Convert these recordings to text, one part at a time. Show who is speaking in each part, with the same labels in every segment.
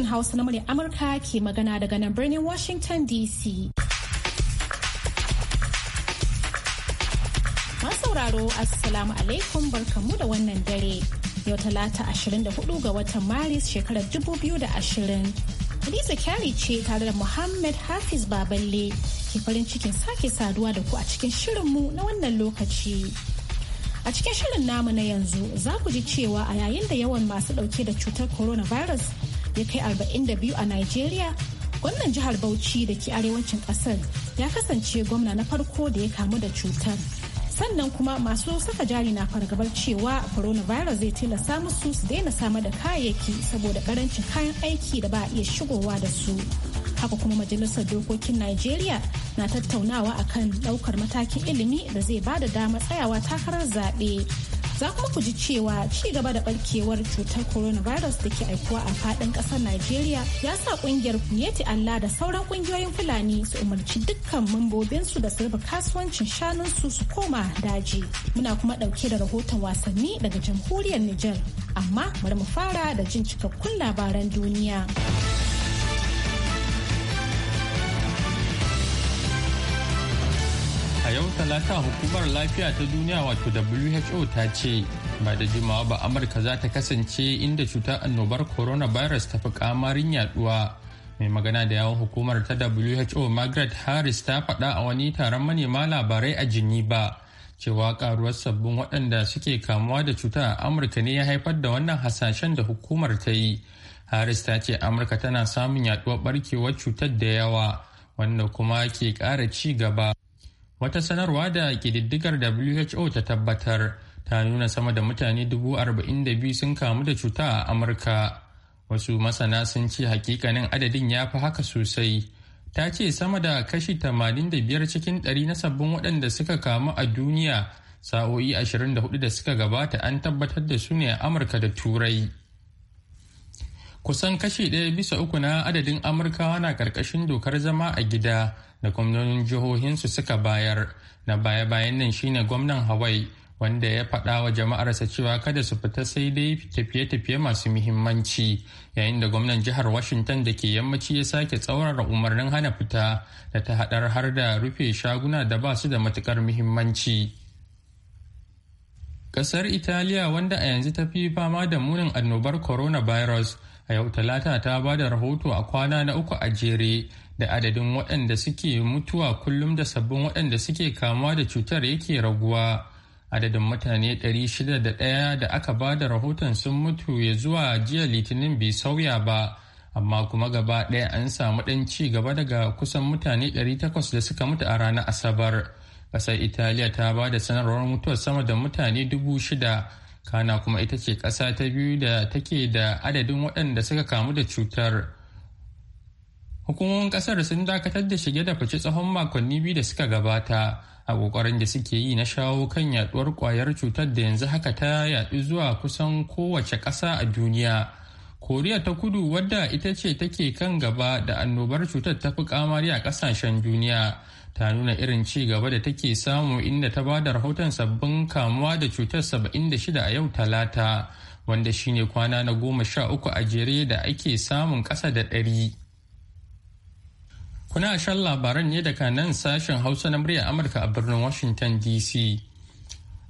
Speaker 1: sashen Hausa na murya Amurka ke magana daga nan birnin Washington DC. sauraro Assalamu alaikum barkamu da wannan dare. Yau talata 24 ga watan Maris shekarar 2020. Hadiza Kyari ce tare da Muhammad Hafiz Baballe ke farin cikin sake saduwa da ku a cikin shirinmu na wannan lokaci. A cikin shirin namu na yanzu za ku ji cewa a yayin da yawan masu ɗauke da cutar coronavirus ya kai 42 a Najeriya, gwamnan jihar Bauchi da ke arewacin kasar ya kasance gwamna na farko da ya kamu da cutar. Sannan kuma masu saka jari na fargabar cewa coronavirus zai tilasta musu su daina samar da kayayyaki saboda karancin kayan aiki da ba a iya shigowa da su. haka kuma majalisar dokokin Najeriya na tattaunawa akan daukar matakin ilimi da zai ba da damar tsayawa takarar zaɓe. Za kuma ku ji cewa ci gaba da barkewar cutar coronavirus da ke aikuwa a faɗin ƙasar Najeriya ya sa ƙungiyar Kunyeti Allah da sauran ƙungiyoyin Fulani su umarci dukkan mambobinsu da su rufe kasuwancin shanun su su koma daji. Muna kuma ɗauke da rahoton wasanni daga jamhuriyar Nijar. Amma bari mu fara da jin cikakkun labaran duniya.
Speaker 2: a yau talata hukumar lafiya ta duniya wato who ta ce ba da jimawa ba amurka za ta kasance inda cutar annobar coronavirus ta fi kamarin yaduwa mai magana da yawon hukumar ta who margaret harris ta faɗa a wani taron manema labarai a geneva cewa karuwar sabbin waɗanda suke kamuwa da cuta a amurka ne ya haifar da wannan hasashen da hukumar ta yi harris ta ce amurka tana samun yaduwar barkewar cutar da yawa wanda kuma ke ƙara ci gaba wata sanarwa da ƙididdigar who ta tabbatar ta nuna sama da mutane dubu arba'in da biyu sun kamu da cuta a amurka wasu masana sun ce hakikanin adadin ya fi haka sosai ta ce sama da kashi 85 cikin ɗari na sabbin waɗanda suka kamu a duniya sa'o'i 24 da suka gabata an tabbatar da su ne a amurka da turai kusan kashi ɗaya bisa uku na adadin amurkawa na ƙarƙashin dokar zama a gida da gwamnonin jihohinsu suka bayar na baya-bayan nan shine gwamnan hawaii wanda ya faɗa wa jama'arsa cewa kada su fita sai dai tafiye-tafiye masu muhimmanci yayin da gwamnan jihar washington da ke yammaci ya sake tsaurara umarnin hana fita da ta haɗar har da rufe shaguna da ba su da matukar muhimmanci ƙasar italiya wanda a yanzu ta fi fama da munin annobar coronavirus a yau talata ta ba da rahoto a kwana na uku a jere da adadin waɗanda suke mutuwa kullum da sabbin waɗanda suke kamuwa da cutar yake raguwa adadin mutane 601 da aka ba da rahoton sun mutu ya zuwa jiya litinin bai sauya ba amma kuma gaba ɗaya an samu ɗan ci gaba daga kusan mutane 800 da suka mutu a ranar asabar ƙasar italiya ta ba da sanarwar mutuwar sama da mutane 6,000 kana kuma ita ce ƙasa ta biyu da take da adadin waɗanda suka kamu da cutar. hukumomin kasar sun dakatar da shige da fice tsawon makonni biyu da suka gabata a kokarin da suke yi na shawo kan yaduwar kwayar cutar da yanzu haka ta yadu zuwa kusan kowace ƙasa a duniya koriya ta kudu wadda ita ce take kan gaba da annobar cutar ta fi kamari a kasashen duniya ta nuna irin ci gaba da take samu inda ta ba da rahoton sabbin kamuwa da cutar 76 a yau talata wanda shine kwana na goma sha uku a jere da ake samun kasa da ɗari. Kuna shan labaran ne daga nan sashen Hausa na muryar Amurka a birnin Washington DC.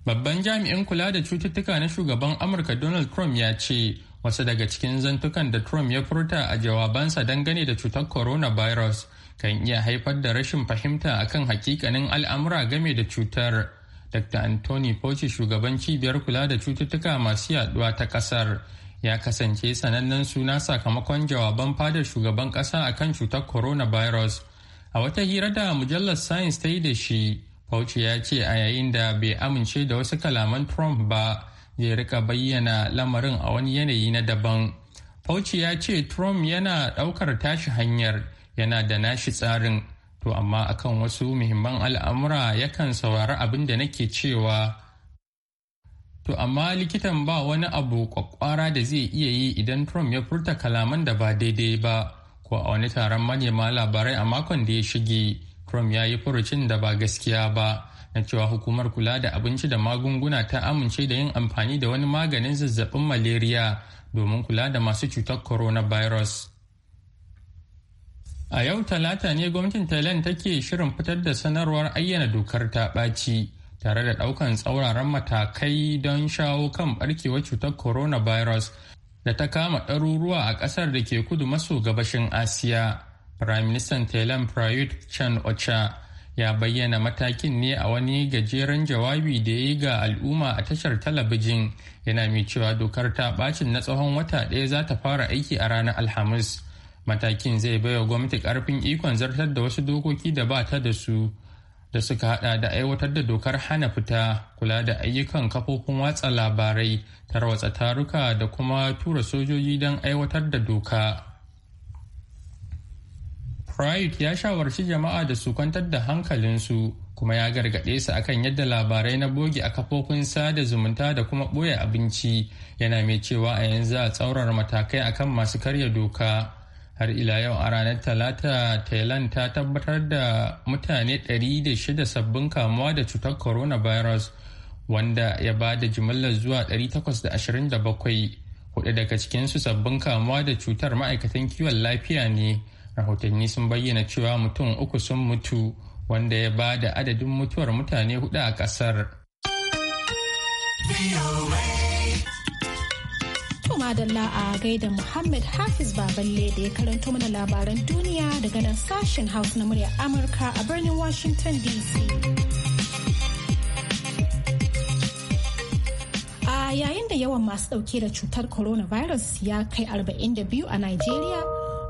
Speaker 2: Babban jami'in kula da cututtuka na shugaban Amurka Donald Trump ya ce wasu daga cikin zantukan da Trump ya furta a jawabansa dangane da cutar coronavirus kan iya haifar da rashin fahimta akan hakikanin al'amura game da cutar. Dr. Anthony Fauci shugaban cibiyar kula da cututtuka masu yaduwa ta kasar ya kasance sanannen suna sakamakon jawaban fadar shugaban kasa akan cutar coronavirus a wata hira da mujallar science ta yi da shi fauci ya ce a yayin da bai amince da wasu kalaman trump ba zai rika bayyana lamarin a wani yanayi na daban fauci ya ce trump yana daukar tashi hanyar yana da nashi tsarin to amma akan wasu muhimman al'amura yakan saurari abin da nake cewa To amma likitan ba wani abu kwakwara da zai iya yi idan Trump ya furta kalaman da ba daidai ba ko a wani taron manema labarai a makon da ya shige. Trump ya yi furucin da ba gaskiya ba na cewa hukumar kula da abinci da magunguna ta amince da yin amfani da wani maganin zazzabin malaria domin kula da masu cutar coronavirus. A yau talata ne gwamnatin Thailand take shirin fitar da sanarwar ayyana dokar ta ɓaci. tare da ɗaukan tsauraran matakai don shawo kan ɓarkewar cutar coronavirus da ta kama ɗaruruwa a ƙasar da ke kudu maso gabashin asiya firaministan thailand prayut chan ocha ya bayyana matakin ne a wani gajeren jawabi da ya yi ga al'umma a tashar talabijin yana mai cewa dokar ta bacin na tsawon wata ɗaya za ta fara aiki a ranar alhamis matakin zai baiwa gwamnati ƙarfin ikon zartar da wasu dokoki da ba ta da su da suka hada da aiwatar da dokar hana fita kula da ayyukan kafofin watsa labarai tarwatsa taruka da kuma tura sojoji don aiwatar da doka pride ya shawarci jama'a da su kwantar da hankalinsu kuma ya gargaɗe su akan yadda labarai na bogi a kafofin sada zumunta da kuma ɓoye abinci yana mai cewa a yanzu a tsaurar matakai akan masu karya doka. har ila yau a ranar talata thailand ta tabbatar da mutane 106 sabbin kamuwa da cutar coronavirus wanda ya ba da jimillar zuwa 827 hudu daga cikinsu sabbin kamuwa da cutar ma'aikatan kiwon lafiya ne rahotanni sun bayyana cewa mutum uku sun mutu wanda ya ba da adadin mutuwar mutane hudu a kasar.
Speaker 1: To madalla a gaida Muhammad Hafiz Baballe da ya karanto mana labaran duniya daga nan sashen House na murya Amurka a birnin Washington DC. A yayin da yawan masu ɗauke da cutar coronavirus ya kai 42 a Nigeria,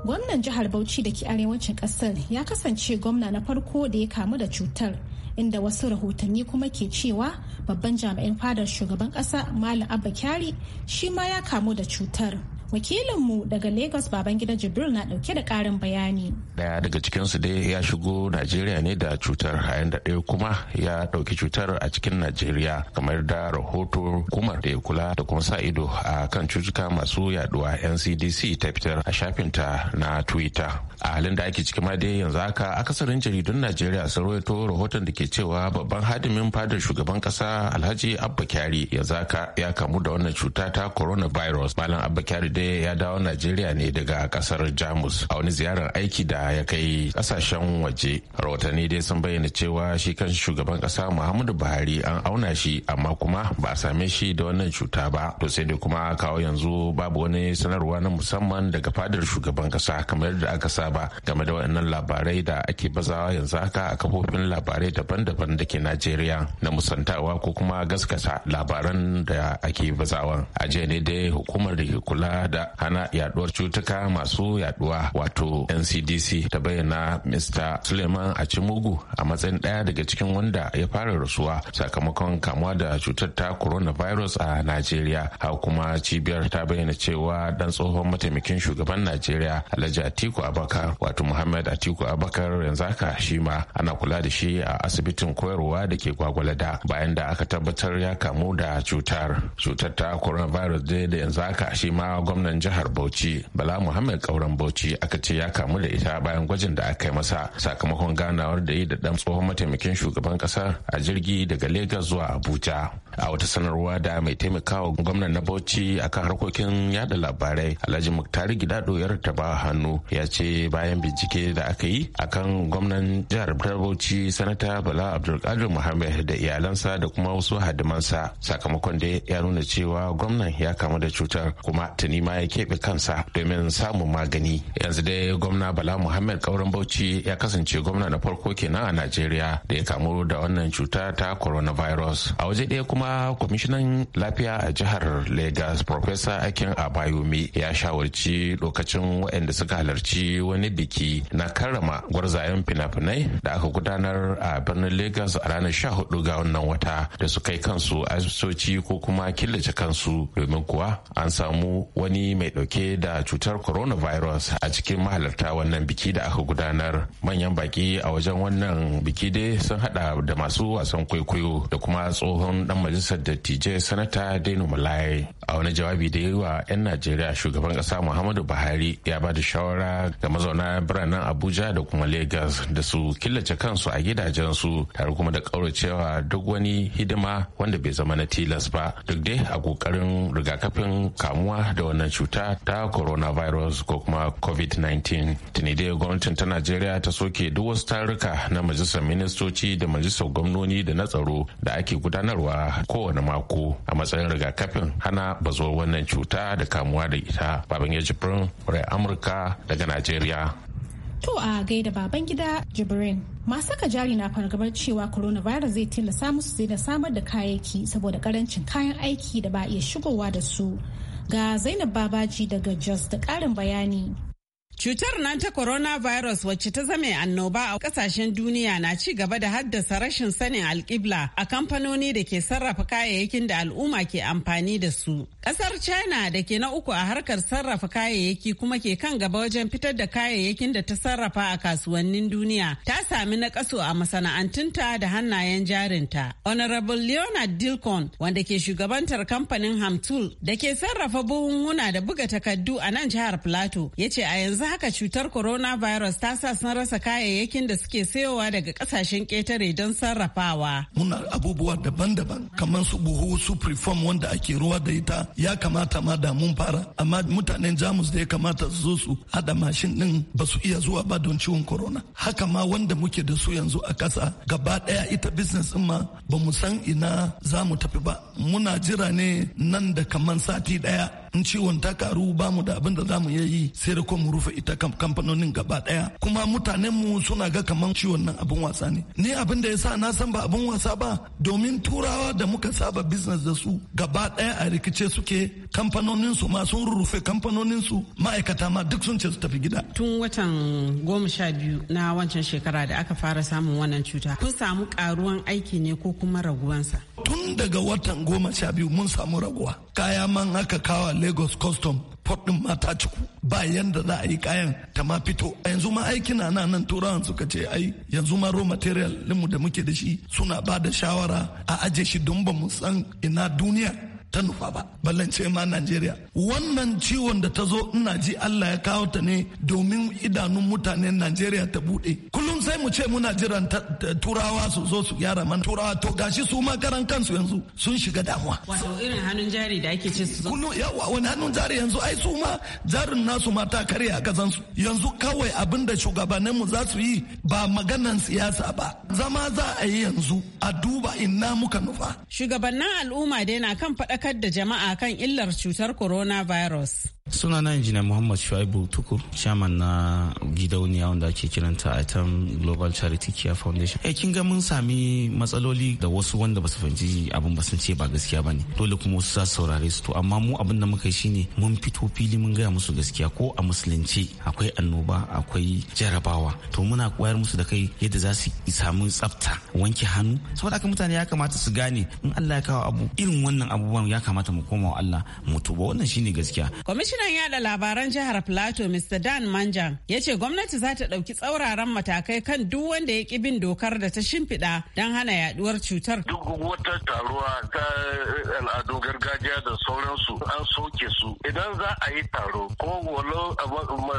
Speaker 1: gwamnan jihar Bauchi da ke arewacin ƙasar ya kasance gwamna na farko da ya kamu da cutar. inda wasu rahotanni kuma ke cewa babban jami'in fadar shugaban kasa malam abba kyari shi ma ya kamu da cutar wakilinmu daga lagos babangida jibril na dauke da karin bayani
Speaker 3: daya daga cikinsu dai ya shigo najeriya ne da cutar hayan da ɗaya kuma ya ɗauki cutar a cikin najeriya kamar da rahoto hukumar da ya kula da kuma sa ido a kan cutuka masu yaduwa ncdc ta fitar a shafinta na twitter a halin da ake ciki ma dai yanzu haka akasarin jaridun najeriya sun rawaito rahoton da ke cewa babban hadimin fadar shugaban kasa alhaji abba kyari yanzu haka ya kamu da wannan cuta ta coronavirus malam abba kyari dai ya dawo najeriya ne daga kasar jamus a wani ziyarar aiki da ya kai kasashen waje rahotanni dai sun bayyana cewa shi kan shugaban kasa muhammadu buhari an auna shi amma kuma ba a same shi da wannan cuta ba to sai dai kuma kawo yanzu babu wani sanarwa na musamman daga fadar shugaban kasa kamar yadda aka saba game da waɗannan labarai da ake bazawa yanzu haka a kafofin labarai daban-daban da ke najeriya na musantawa ko kuma gaskata labaran da ake bazawa a jiya ne dai hukumar da ke kula da hana yaduwar cutuka masu yaduwa wato ncdc ta bayyana mr suleiman achimugu a matsayin daya daga cikin wanda ya fara rasuwa sakamakon kamuwa da cutar ta coronavirus a najeriya haka kuma cibiyar ta bayyana cewa dan tsohon mataimakin shugaban najeriya alhaji atiku abakar wato muhammad atiku abakar yanzu haka shi ma ana kula da shi a asibitin koyarwa da ke gwagwalada bayan da aka tabbatar ya kamu da cutar cutar ta coronavirus dai da yanzu haka shi ma gwamnati gwamnan jihar bauchi bala muhammad kauran bauchi aka ce ya kamu da ita bayan gwajin da aka yi masa sakamakon ganawar da yi da dan tsohon mataimakin shugaban kasa a jirgi daga lagos zuwa abuja a wata sanarwa da mai taimakawa gwamnan na bauchi akan harkokin yada labarai alhaji muktari gidado ya rataba hannu ya ce bayan bincike da aka yi akan gwamnan jihar bauchi sanata bala abdulkadir muhammad da iyalansa da kuma wasu hadimansa sakamakon da ya nuna cewa gwamnan ya kamu da cutar kuma tuni ma ya keɓe kansa domin samun magani yanzu dai gwamna bala muhammad kauran bauchi ya kasance gwamna na farko kenan a najeriya da ya kamu da wannan cuta ta coronavirus a waje ɗaya kuma kwamishinan lafiya a jihar Legas professor akin abayomi ya shawarci lokacin waɗanda suka halarci wani biki na karrama gwarzayen fina-finai da aka gudanar a birnin Legas a ranar sha hudu ga wannan wata da su kai kansu asibitoci ko kuma killace kansu domin kuwa an samu wani wani mai dauke da cutar coronavirus a cikin mahalarta wannan biki da aka gudanar manyan baki a wajen wannan biki dai sun hada da masu wasan kwaikwayo da kuma tsohon dan majalisar dattijai sanata dainu malai a wani jawabi da yi wa 'yan najeriya shugaban kasa muhammadu buhari ya ba da shawara ga mazauna biranen abuja da kuma lagos da su killace kansu a gidajensu tare kuma da kauracewa duk wani hidima wanda bai zama na tilas ba duk dai a kokarin rigakafin kamuwa da wani wannan cuta ta coronavirus ko kuma covid-19 tuni dai gwamnatin ta najeriya ta soke duk wasu taruka na majalisar ministoci da majalisar gwamnoni da na tsaro da ake gudanarwa kowane mako a matsayin rigakafin hana bazuwar wannan cuta da kamuwa da ita babangeji jibrin amurka daga najeriya
Speaker 1: To a gaida baban gida Jibrin. Masu saka jari na fargabar cewa coronavirus zai tilasta musu zai da samar da kayayyaki saboda karancin kayan aiki da ba iya shigowa da su Ga Zainab Babaji daga Jos da ƙarin bayani.
Speaker 4: Cutar nan ta coronavirus wacce ta zame annoba a kasashen duniya na ci gaba da haddasa rashin sanin alkibla a kamfanoni da ke sarrafa kayayyakin da al'umma ke amfani da su. Kasar China da ke na uku a harkar sarrafa kayayyaki kuma ke kan gaba wajen fitar da kayayyakin da ta sarrafa a kasuwannin duniya ta sami nakasu a masana'antunta da hannayen jarinta. Honorable Leonard Dilkon wanda ke shugabantar kamfanin Hamtul da ke sarrafa buhunhuna da buga takardu a nan jihar Plateau ya ce a yanzu haka cutar coronavirus ta sa sun rasa kayayyakin da suke sayowa daga kasashen ketare don sarrafawa.
Speaker 5: Muna abubuwa daban-daban kamar su buhu su preform wanda ake ruwa da ita ya kamata ma da mun fara amma mutanen Jamus da ya kamata su zo su hada mashin din ba su iya zuwa ba don ciwon corona. Haka ma wanda muke da su yanzu a kasa gaba daya ita business din ma ba mu san ina za mu tafi ba. Muna jira ne nan da kamar sati daya. in ciwon ta karu ba mu da abin da za mu iya yi sai da mu rufe ita kamfanonin gaba daya kuma mutanen mu suna ga kaman ciwon nan abin wasa ne ni abin da yasa na san ba abin wasa ba domin turawa da muka saba business da su gaba daya a rikice suke kamfanonin su ma sun rufe kamfanonin su ma'aikata ma duk sun ce su tafi gida tun
Speaker 4: watan goma sha biyu na wancan shekara
Speaker 5: da aka fara samun wannan cuta
Speaker 4: kun samu karuwan aiki ne ko kuma raguwansa
Speaker 5: tun daga watan goma sha biyu mun samu raguwa kaya man aka kawa lagos custom port din mata ta ciku ba yanda za a yi kayan ta ma fito a yanzu ma aiki na nan turawan suka ce ai yanzu ma raw material mu da muke da shi suna ba da shawara a aje shi don ba mu san ina duniya ta nufa ba ballance ma Najeriya wannan ciwon da ta zo ina ji Allah ya kawo ta ne domin idanun mutanen Najeriya ta bude sai mu ce muna jiran turawa su zo su gyara mana turawa to gashi su ma karan kansu yanzu sun shiga damuwa
Speaker 4: wato irin hannun jari da ake ce su kullu yawa wani hannun jari yanzu ai
Speaker 5: su ma jarin nasu ma ta karya a kasan su yanzu kawai abin da shugabannin mu za su yi ba maganan siyasa ba zama za a yi yanzu a duba inna muka nufa shugabannin
Speaker 4: al'umma dai na kan faɗakar da jama'a kan illar cutar coronavirus sunana
Speaker 6: injiniya muhammad shuaibu tukur shaman na gidauniya wanda ake kiranta item global charity care foundation eh kin ga mun sami matsaloli da wasu wanda basu fahimci abin ba sun ce ba gaskiya bane dole kuma wasu za su saurare su to amma mu abin da muka yi shine mun fito fili mun gaya musu gaskiya ko a musulunci akwai annoba akwai jarabawa to muna koyar musu da kai yadda za su samu tsafta wanke hannu saboda haka mutane ya kamata su gane in Allah ya kawo abu irin wannan abubuwan ya kamata mu koma wa Allah mu tuba wannan shine gaskiya
Speaker 4: Kwamishinan yada labaran jihar Plateau Mr. Dan manja ya ce gwamnati za ta ɗauki tsauraran matakai kan duk wanda ya ki bin dokar da ta shimfiɗa don hana yaduwar cutar.
Speaker 5: Duk wata taruwa ta eh, al'adun gargajiya da sauransu an soke su. Idan za a yi taro ko walo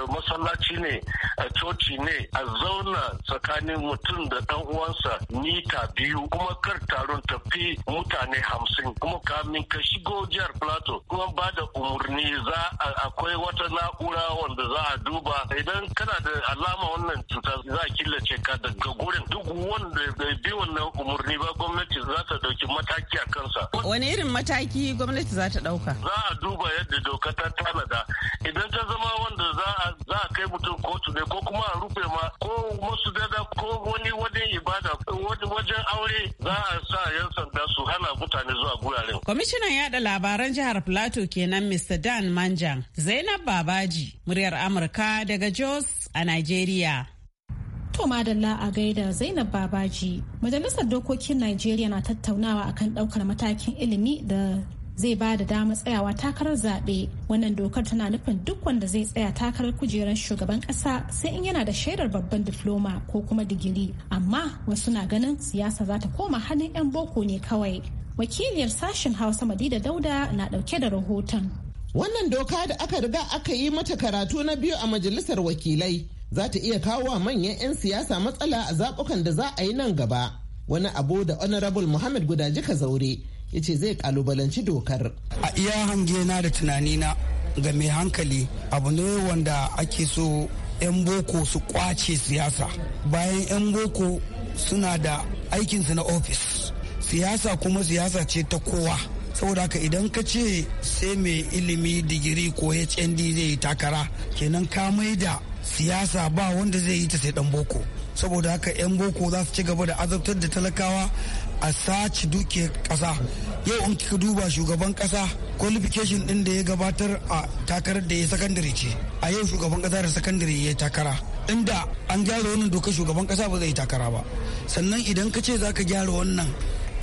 Speaker 5: masallaci ne a coci ne a zauna tsakanin mutum da ɗan uwansa mita biyu kuma kar taron tafi mutane
Speaker 1: hamsin kuma kamin ka shigo jihar Plateau kuma ba da umarni za a akwai
Speaker 5: wata na'ura wanda za a duba idan kana da alama wannan cuta za a killace ka daga gurin duk wanda bai bi wannan umarni ba gwamnati za ta dauki mataki a kansa.
Speaker 4: Wani irin mataki gwamnati za ta dauka?
Speaker 5: Za a duba yadda doka ta tana Kwamishinan
Speaker 4: yada labaran jihar Plateau kenan Mr. Dan Manjan, Zainab Babaji, muryar Amurka daga Jos a Nigeria.
Speaker 1: To madalla a gaida Zainab Babaji, Majalisar Dokokin Najeriya na tattaunawa akan daukar matakin ilimi da zai ba da damar tsayawa takarar zaɓe wannan dokar tana nufin duk wanda zai tsaya takarar kujerar shugaban ƙasa sai in yana da shaidar babban difloma ko kuma digiri amma wasu na ganin siyasa za ta koma hannun 'yan boko ne kawai wakiliyar sashen hausa madida dauda na dauke da rahoton wannan doka da aka riga aka
Speaker 4: yi mata karatu na biyu a majalisar wakilai za ta iya kawo wa manyan 'yan siyasa matsala a zaɓukan da za a yi nan gaba wani abu da honorable muhammad gudaji zaure ya ce zai kalubalanci dokar
Speaker 7: a iya hange na da tunanina ga mai hankali abu ne wanda ake so 'yan boko su kwace siyasa bayan 'yan boko suna da aikinsu na ofis siyasa kuma siyasa ce ta kowa saboda haka idan ka ce sai mai ilimi digiri ko hnd zai yi takara kenan ka da siyasa ba wanda zai yi ta sai dan boko saboda haka 'yan boko za su ci gaba da azabtar da talakawa a sace duke kasa yau in kika duba shugaban kasa qualification din da ya gabatar a takarar da ya sakandare ce a yau shugaban kasa da sakandare ya takara inda an gyara wannan dokar shugaban kasa ba zai takara ba sannan idan ka ce za ka gyara wannan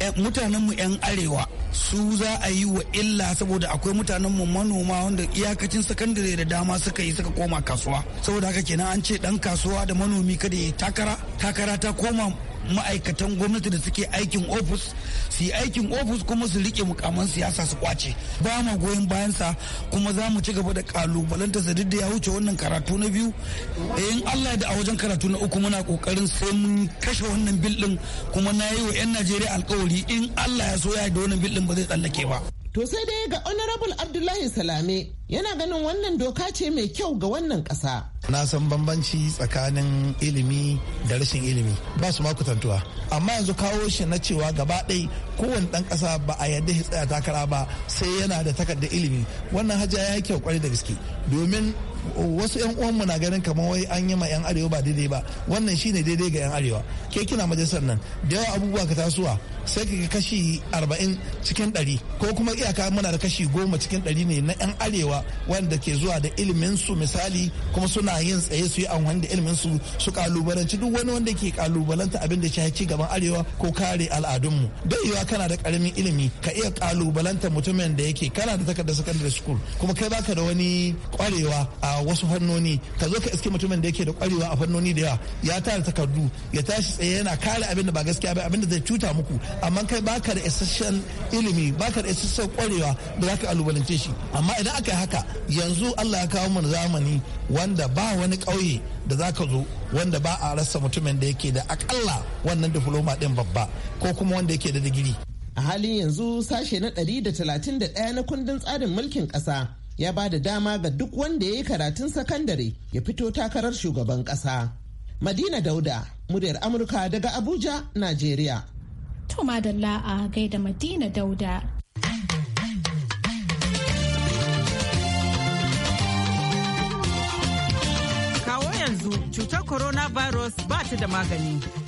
Speaker 7: Eh, mutanenmu 'yan arewa su za a yi wa illa saboda akwai mutanenmu manoma wanda iyakacin sakandare da dama suka yi suka koma kasuwa saboda haka kenan an ce dan kasuwa da manomi kada ya takara takara ta koma ma'aikatan gwamnati da suke aikin ofis su yi aikin ofis kuma su rike mukaman siyasa su kwace ba ma goyon bayansa kuma za mu ci gaba da kalubalanta sa duk da ya wuce wannan karatu na biyu eh, in Allah da a wajen karatu na uku muna kokarin sai mun kashe wannan bil din kuma na yi wa 'yan Najeriya alkawari in Allah ya so ya da wannan bil ba zai tsallake ba.
Speaker 4: To sai dai ga Honorable Abdullahi Salame yana ganin wannan doka
Speaker 8: ce mai kyau ga wannan kasa. Na san bambanci tsakanin ilimi da rashin ilimi ba su makutantuwa. Amma yanzu kawo shi na cewa gaba ɗai kowane ɗan ƙasa ba a yarda ya tsaya takara ba sai yana da takardar ilimi. Wannan haja ya yi kyau kwarai da gaske domin wasu yan uwanmu na ganin kamar wai an yi ma yan arewa ba daidai ba wannan shi ne daidai ga yan arewa ke kina majalisar nan da yawa abubuwa ka tasowa sai ka kashi arba'in cikin 100 ko kuma iyaka muna da kashi goma cikin 100 ne na yan arewa wanda ke zuwa da ilimin su misali kuma suna yin tsaye su yi amfani da ilimin su su kalubalanci duk wani wanda ke kalubalanta abin da shi gaban arewa ko kare al'adunmu don yiwa kana da karamin ilimi ka iya kalubalanta mutumin da yake kana da takardar secondary school kuma kai baka da wani kwarewa a wasu fannoni ka zo ka iske mutumin da yake da kwarewa a fannoni da yawa ya tara takardu ya tashi tsaye yana kare abin da ba gaskiya ba abin da zai cuta muku amma kai baka da isasshen ilimi baka da isasshen kwarewa da za ka alubalance shi amma idan aka yi haka yanzu Allah ya kawo mu zamani wanda ba wani ƙauye da zaka zo wanda ba a rasa mutumin da yake da akalla wannan difloma din babba ko kuma wanda yake da digiri a halin yanzu sashe na 131 na kundin tsarin mulkin ƙasa ya ba da dama ga duk wanda
Speaker 4: ya yi karatun sakandare ya fito takarar shugaban kasa. Madina Dauda, muryar Amurka daga Abuja, Najeriya.
Speaker 1: To madalla a gaida Madina Dauda.
Speaker 4: Kawo yanzu cutar coronavirus ba ta da magani.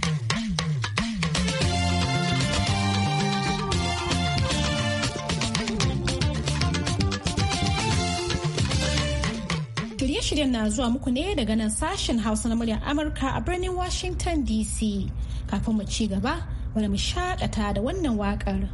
Speaker 1: shirye na zuwa muku ne daga nan sashen Hausa na muryar Amurka a birnin Washington DC. Kafin mu ci gaba, bari mu shakata da wannan waƙar.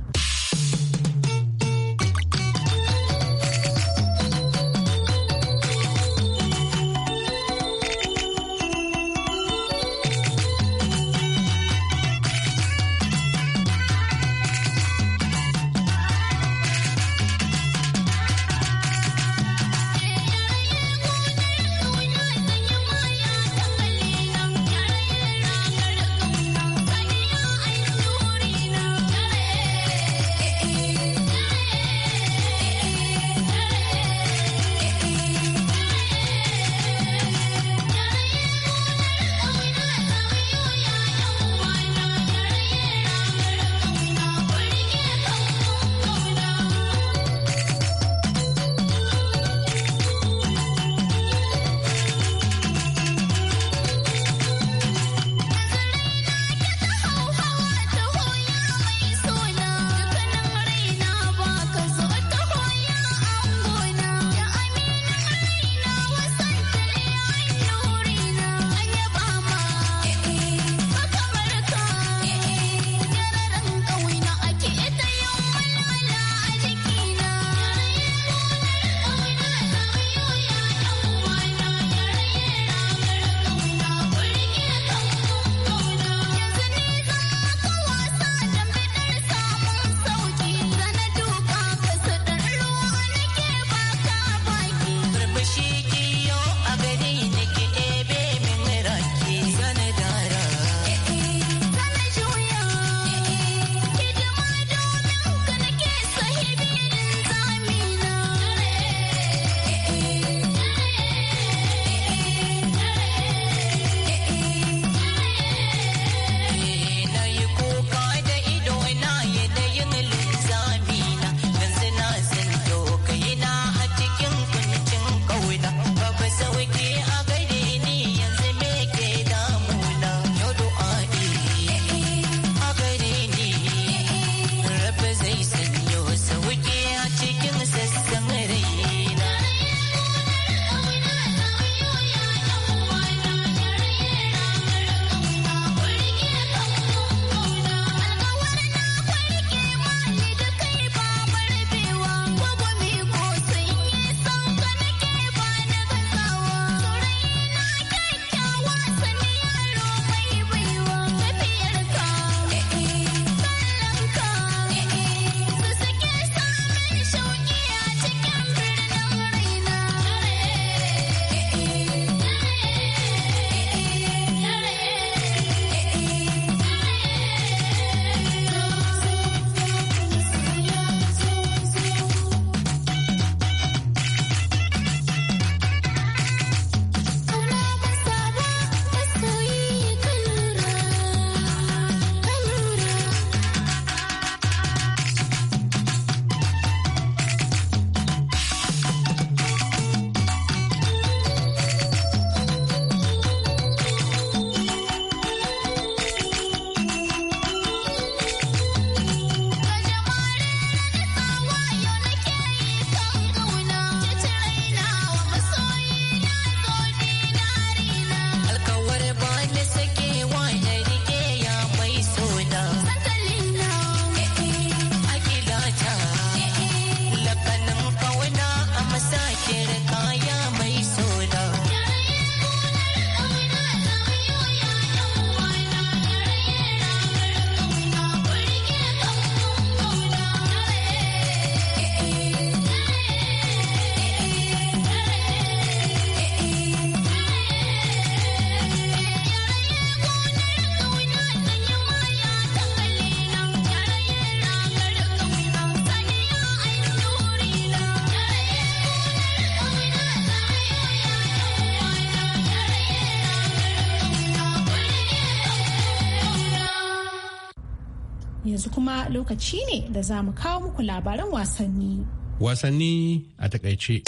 Speaker 1: kuma lokaci ne da za mu kawo muku labaran wasanni.
Speaker 3: Wasanni a takaice.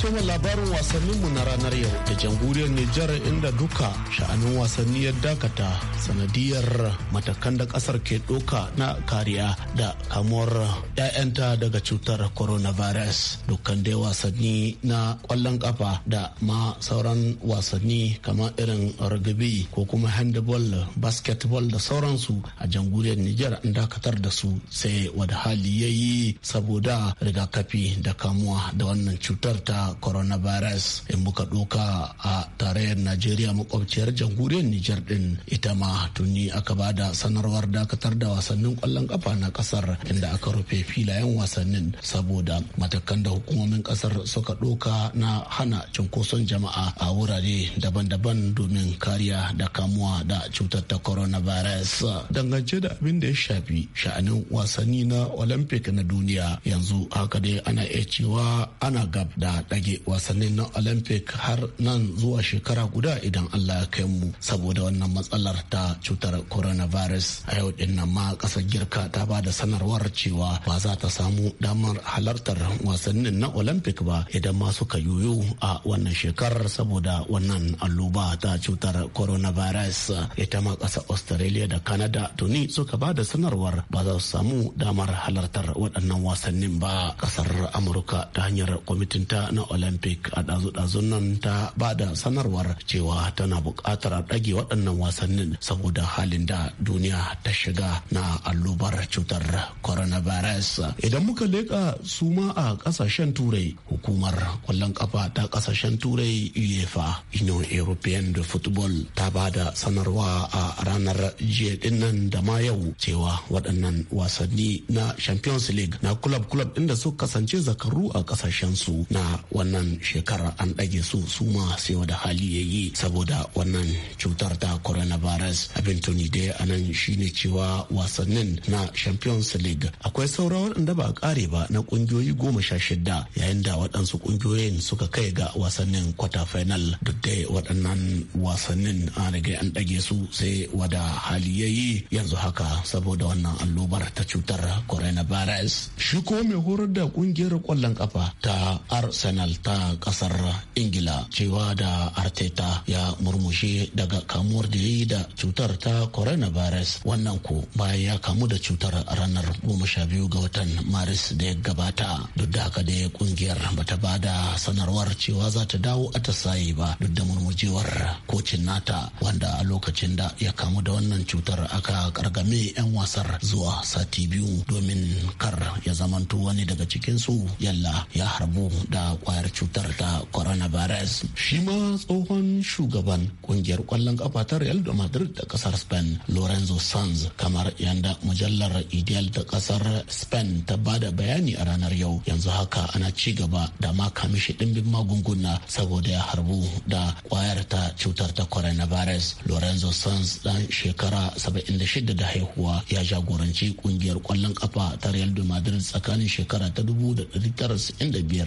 Speaker 6: soma labarin wasannin mu na ranar yau da jamhuriyar Nijar inda duka sha'anin wasanni ya dakata sanadiyar matakan da kasar ke doka na kariya da kamuwar 'ya'yanta daga cutar coronavirus dukkan dai wasanni na kwallon kafa da ma sauran wasanni kamar irin rugby ko kuma handball basketball da sauransu a jamhuriyar Nijar an dakatar da su sai wada hali yayi saboda rigakafi da kamuwa da wannan cutar ta coronavirus in muka doka a tarayyar najeriya makwabciyar jamhuriyar nijar din ita ma tuni aka ba da sanarwar dakatar da wasannin kwallon kafa na kasar inda aka rufe filayen wasannin saboda matakan da hukumomin kasar suka doka na hana cunkoson jama'a a wurare daban-daban domin kariya da kamuwa da cutar ta coronavirus dangance da abin da ya shafi sha'anin wasanni na olympic na duniya yanzu haka dai ana iya cewa ana gab da rage wasannin na olympic har nan zuwa shekara guda idan allah ya kai mu saboda wannan matsalar ta cutar coronavirus a yau din nan ma ƙasar girka ta ba da sanarwar cewa ba za ta samu damar halartar wasannin na olympic ba idan ma suka yoyo a wannan shekarar saboda wannan alluba ta cutar coronavirus ita ma ƙasa australia da canada tuni suka ba da sanarwar ba za su samu damar halartar waɗannan wasannin ba ƙasar amurka ta hanyar kwamitin ta na olympic a ɗazu dazun nan ta ba da sanarwar cewa tana buƙatar a ɗage waɗannan wasannin saboda halin da duniya ta shiga na allubar cutar coronavirus idan muka leƙa su ma a ƙasashen turai hukumar ƙwallon ƙafa ta ƙasashen turai uefa union european de football ta ba da sanarwa a ranar jiya dinnan da ma yau cewa waɗannan wasanni na champions league na club club inda su kasance zakaru a ƙasashensu su na wannan shekarar an ɗage su su ma sai wada hali ya yi saboda wannan cutar ta coronavirus abin tuni dai a nan shine cewa wasannin na champions league akwai sauran waɗanda ba a ƙare ba na ƙungiyoyi goma sha shida yayin da waɗansu ƙungiyoyin suka kai ga wasannin kwata final duk da waɗannan wasannin an riga an ɗage su sai wada hali ya yi yanzu haka saboda wannan allobar ta cutar coronavirus shi kuma mai horar da ƙungiyar ƙwallon ƙafa ta arsenal ta kasar ingila cewa da arteta ya murmushe daga kamuwar da ya yi da cutar ta coronavirus wannan ko bayan ya kamu da cutar ranar 12 ga watan maris da ya gabata duk da haka dai kungiyar bata ba da sanarwar cewa za ta dawo a atasaye ba duk da murmujewar kocin nata wanda a lokacin da ya kamu da wannan cutar aka kargame 'yan wasar zuwa sati biyu domin kar ya zamanto wani daga cikinsu yalla ya harbu da kwaya matsalar cutar ta coronavirus shi ma tsohon shugaban kungiyar kwallon kafa ta real da madrid da kasar spain lorenzo sanz kamar yanda mujallar ideal ta kasar spain ta bada bayani a ranar yau yanzu haka ana ci gaba da makami shi dimbin magunguna saboda ya harbu da kwayar ta cutar ta coronavirus lorenzo sanz dan shekara 76 da haihuwa ya jagoranci kungiyar kwallon kafa ta real madrid tsakanin shekara ta 1995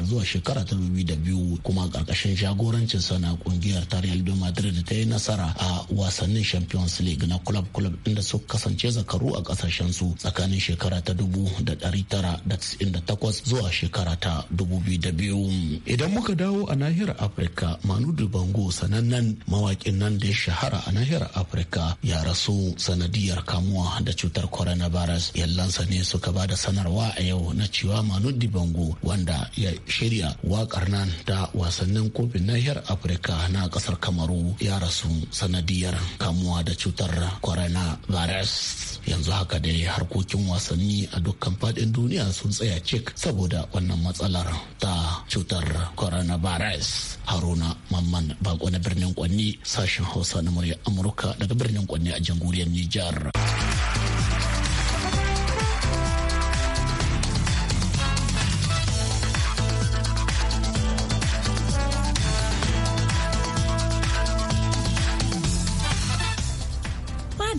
Speaker 6: zuwa shekara ta 2002 kuma karkashin jagorancin na kungiyar ta Real de Madrid ta yi nasara a wasannin Champions League na club club inda suka kasance zakaru a kasashen su tsakanin shekara ta 1998 zuwa shekara ta 2002 idan muka dawo a nahiyar Afirka Manudu Bango sanannen mawakin nan da ya shahara a nahiyar Afirka ya rasu sanadiyar kamuwa da cutar coronavirus yallansa ne suka ba da sanarwa a yau na cewa Manudu Bango wanda ya shirya wa Karnan da wasannin kofin nahiyar Afirka na kasar Kamaru ya rasu sanadiyar kamuwa da cutar coronavirus. Yanzu haka dai harkokin wasanni a dukkan faɗin duniya sun tsaya cik saboda wannan matsalar ta cutar coronavirus. Haruna Mamman Bako na birnin Kwanni sashen Hausa na murya Amurka daga birnin Kwanni a jamhuriyar Nijar.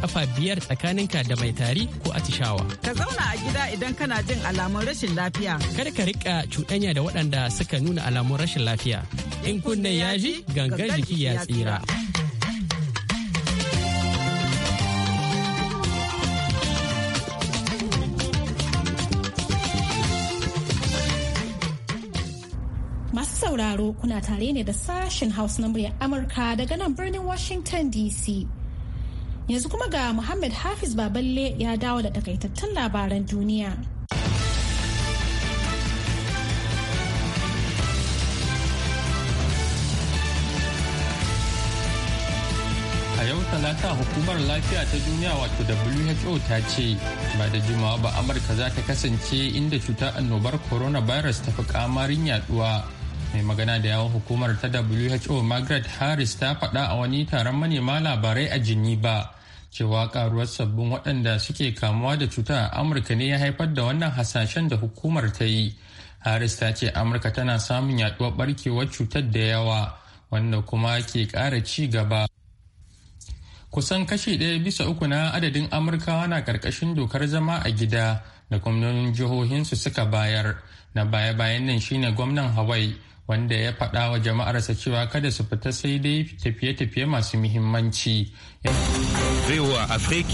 Speaker 9: kafa biyar tsakaninka da mai tari ko atishawa.
Speaker 4: Ka zauna a gida idan kana jin alamun rashin lafiya.
Speaker 9: kar ka rika cuɗanya da waɗanda suka nuna alamun rashin lafiya. In kunne ya ji gangan jiki ya tsira.
Speaker 1: masu sauraro kuna tare ne da sashen House na muryar Amurka daga nan birnin Washington DC. Yanzu kuma ga Muhammad Hafiz Baballe ya dawo da takaitattun labaran duniya.
Speaker 2: A yau talata hukumar lafiya ta duniya wato WHO ta ce ba da jimawa ba Amurka za ta kasance inda cutar annobar coronavirus ta fi kamarin yaduwa. mai magana da yawon hukumar ta who margaret harris ta faɗa a wani taron manema labarai a geneva cewa karuwar sabbin waɗanda suke kamuwa da cuta a amurka ne ya haifar da wannan hasashen da hukumar ta yi harris ta ce amurka tana samun yaduwar barkewar cutar da yawa wanda kuma ke ƙara ci gaba kusan kashi ɗaya bisa uku na adadin amurkawa na ƙarƙashin dokar zama a gida da gwamnonin jihohinsu suka bayar na baya-bayan nan shine gwamnan hawaii wanda ya faɗa wa jama'arsa cewa kada su fita sai dai tafiye-tafiye masu muhimmanci.